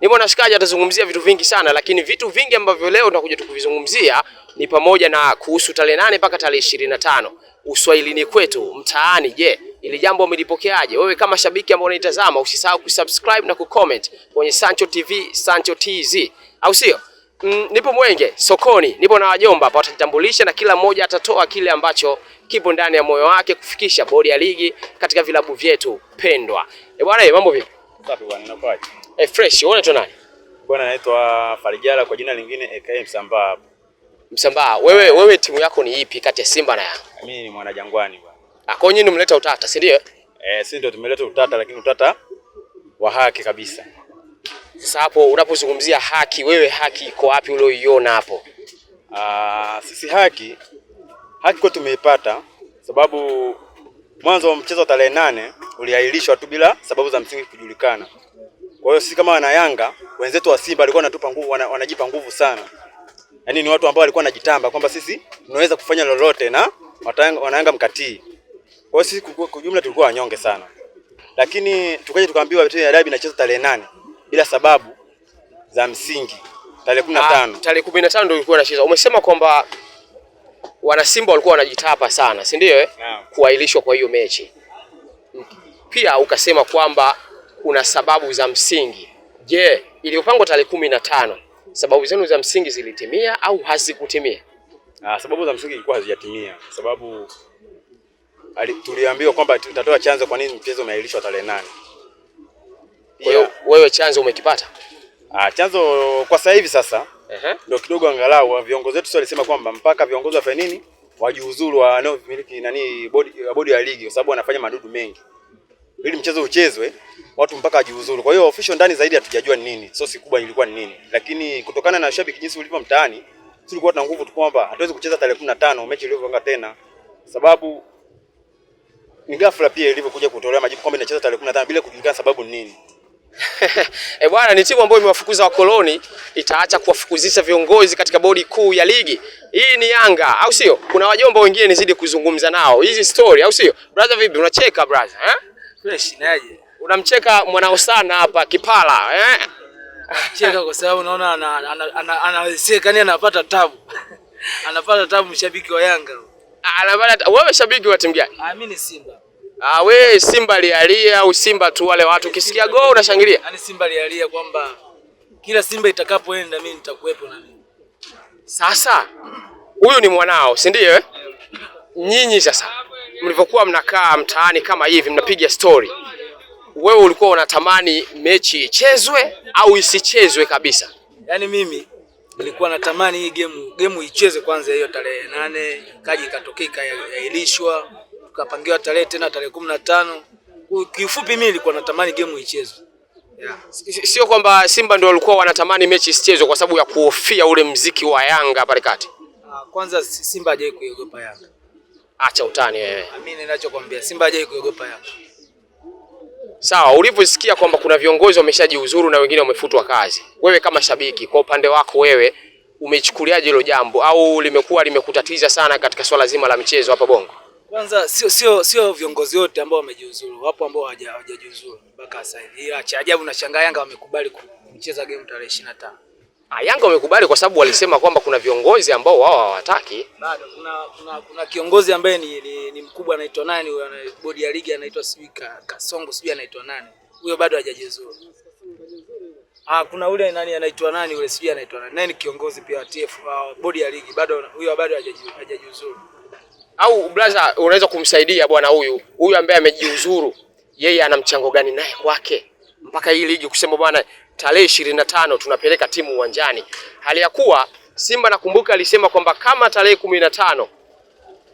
Ni bwana Shikaji atazungumzia vitu vingi sana, lakini vitu vingi ambavyo leo tunakuja tukuvizungumzia ni pamoja na kuhusu tarehe nane mpaka tarehe ishirini na tano uswahilini kwetu mtaani. Je, yeah. Ili jambo umelipokeaje wewe kama shabiki ambaye unaitazama? Usisahau kusubscribe na kucomment kwenye Sancho TV, Sancho TZ, au sio? Mm, nipo Mwenge sokoni, nipo na wajomba hapa, watajitambulisha na kila mmoja atatoa kile ambacho kipo ndani ya moyo wake kufikisha bodi ya ligi katika vilabu vyetu pendwa. E bwana, mambo vipi? Safi bwana, inakwaje? Eh, fresh. Wewe unaitwa nani? Bwana naitwa Farijala kwa jina lingine aka Msambaa hapo. Msambaa. Wewe wewe timu yako ni ipi kati ya Simba na Yanga? Mimi ni mwana Jangwani bwana. Ah, kwa nini mleta utata, si ndio? Eh, si ndio tumeleta utata lakini utata wa haki kabisa. Sasa hapo unapozungumzia haki, wewe haki iko wapi ulioiona hapo? Ah, sisi haki haki kwetu tumeipata sababu mwanzo wa mchezo tarehe nane uliahirishwa tu bila sababu za msingi kujulikana. Kwa hiyo sisi kama wana Yanga, wenzetu wa Simba walikuwa wanatupa nguvu, wana, wanajipa nguvu sana. Yaani ni watu ambao walikuwa wanajitamba kwamba sisi tunaweza kufanya lolote na Wanayanga mkatii. Kwa hiyo sisi kwa jumla tulikuwa wanyonge sana, lakini tukaje tukaambiwa tena dabi inacheza tarehe nane bila sababu za msingi. Tarehe 15. Ah, tarehe 15 ndio ilikuwa inacheza. Umesema kwamba wana Simba walikuwa wanajitapa sana, si ndio eh? Yeah. Kuahirishwa kwa hiyo mechi pia ukasema kwamba kuna sababu za msingi. Je, iliyopangwa tarehe kumi na tano sababu zenu za msingi zilitimia au hazikutimia? Ah, sababu za msingi ilikuwa hazijatimia sababu tuliambiwa kwamba tutatoa chanzo kwa nini mchezo umeahirishwa tarehe nane. Wewe, wewe chanzo umekipata? Ah, chanzo kwa sasa hivi sasa ndio uh -huh. Kidogo angalau viongozi wetu sio walisema kwamba mpaka viongozi wafanye nini wajiuzuru wanaomiliki nani bodi ya ligi kwa sababu wanafanya madudu mengi ili mchezo uchezwe watu mpaka ajiuzuru. Kwa hiyo official ndani zaidi hatujajua ni nini, sosi kubwa ilikuwa ni nini, lakini kutokana na shabiki jinsi ulivyo mtaani, tulikuwa tuna nguvu tu kwamba hatuwezi kucheza tarehe 15 mechi iliyopanga tena, sababu ni ghafla pia ilivyokuja kutolewa majibu kwamba inacheza tarehe 15 bila kujulikana sababu ni nini. E bwana, ni timu ambayo imewafukuza wakoloni, itaacha kuwafukuzisha viongozi katika bodi kuu ya ligi hii. Ni Yanga au sio? Kuna wajomba wengine nizidi kuzungumza nao hizi story, au sio brother? Vipi, unacheka brother eh? Fresh naje. Unamcheka mwanao sana hapa kipala eh? Cheka kwa sababu unaona anawezeka anapata tabu. Anapata tabu mshabiki wa Yanga. Anapata wewe shabiki wa timu gani? Ah, mimi ni Simba. Ah, we Simba lialia au Simba tu wale watu ukisikia go unashangilia? Yaani Simba lialia kwamba kila Simba itakapoenda mimi nitakuwepo na mimi. Sasa huyu ni mwanao, si ndio eh? Nyinyi sasa mlivyokuwa mnakaa mtaani kama hivi mnapiga story, wewe ulikuwa unatamani mechi ichezwe au isichezwe kabisa? Yaani mimi nilikuwa natamani hii game game icheze kwanza, hiyo tarehe nane kaji ikatokea ikailishwa, tukapangiwa tarehe tena tarehe kumi na tano. Kiufupi mimi nilikuwa natamani game ichezwe. Yeah. Sio kwamba Simba ndio walikuwa wanatamani mechi isichezwe kwa sababu ya kuhofia ule mziki wa Yanga pale kati. Ah, kwanza Simba hajawahi kuiogopa Yanga acha utani wewe. Mimi ninachokwambia Simba hajai kuogopa Yanga. Sawa, ulivyosikia kwamba kuna viongozi wameshajiuzuru na wengine wamefutwa kazi, wewe kama shabiki, kwa upande wako wewe umechukuliaje hilo jambo, au limekuwa limekutatiza sana katika swala zima la michezo hapa Bongo? Kwanza sio sio sio viongozi wote ambao wamejiuzuru, wapo ambao hawajajiuzuru mpaka sasa hivi. Acha ajabu, nashangaa Yanga wamekubali kucheza game tarehe 25. Ah, Yanga wamekubali kwa sababu walisema kwamba kuna viongozi ambao wao hawataki. Bado kuna, kuna, kuna kiongozi ambaye ni, ni, ni mkubwa anaitwa nani huyo, bodi ya ligi anaitwa sijui Kasongo sijui anaitwa nani huyo, bado hajajezuru. Ah, kuna ule nani anaitwa nani ule sijui anaitwa nani, naye ni kiongozi pia wa TF uh, bodi ya ligi bado huyo bado hajajiuzuru. Au brother, unaweza kumsaidia bwana huyu huyu ambaye amejiuzuru, yeye ana mchango gani naye kwake mpaka hii ligi kusema bwana tarehe ishirini na tano tunapeleka timu uwanjani, hali ya kuwa Simba nakumbuka alisema kwamba kama tarehe kumi na tano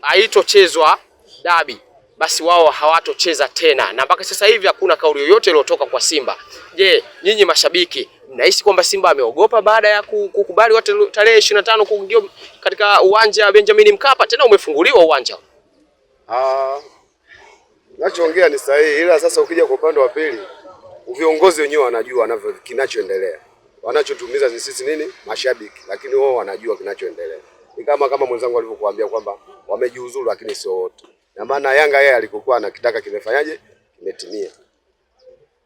haitochezwa dabi basi wao hawatocheza tena, na mpaka sasa hivi hakuna kauli yoyote iliyotoka kwa Simba. Je, nyinyi mashabiki mnahisi kwamba Simba ameogopa baada ya kukubali watu tarehe ishirini na tano kuingia katika uwanja wa Benjamin Mkapa? Tena umefunguliwa uwanja. Ah, nachoongea ni sahihi, ila sasa ukija kwa upande wa pili viongozi wenyewe wanajua wanavyo kinachoendelea, wanachotumiza ni sisi nini, mashabiki, lakini wao wanajua kinachoendelea. Ni kama kama mwenzangu alivyokuambia kwamba wamejiuzuru, lakini sio wote, na maana Yanga yeye alikokuwa anakitaka kimefanyaje, kimetimia.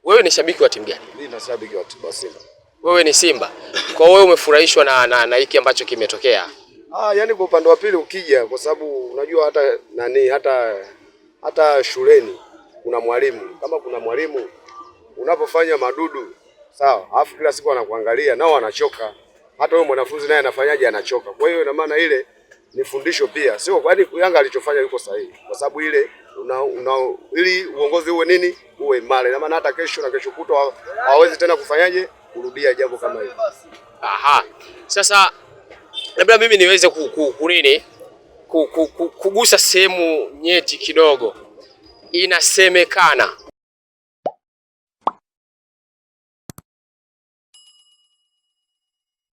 Wewe ni shabiki wa timu gani? Mimi ni shabiki wa Simba. Wewe ni Simba. Kwa wewe umefurahishwa na na, na hiki ambacho kimetokea? Ah, yani kwa upande wa pili ukija, kwa sababu unajua hata nani hata hata shuleni kuna mwalimu, kama kuna mwalimu unapofanya madudu sawa, alafu kila siku anakuangalia nao anachoka, hata huyo mwanafunzi naye anafanyaje? Anachoka. Kwa hiyo ina maana ile ni fundisho pia, sio kwani Yanga alichofanya yuko sahihi, kwa sababu ile una, una, ili uongozi uwe nini, uwe imara. Ina maana hata kesho na kesho kutwa hawawezi tena kufanyaje, kurudia jambo kama hilo. Aha, sasa labda mimi niweze kunini kugusa sehemu nyeti kidogo. Inasemekana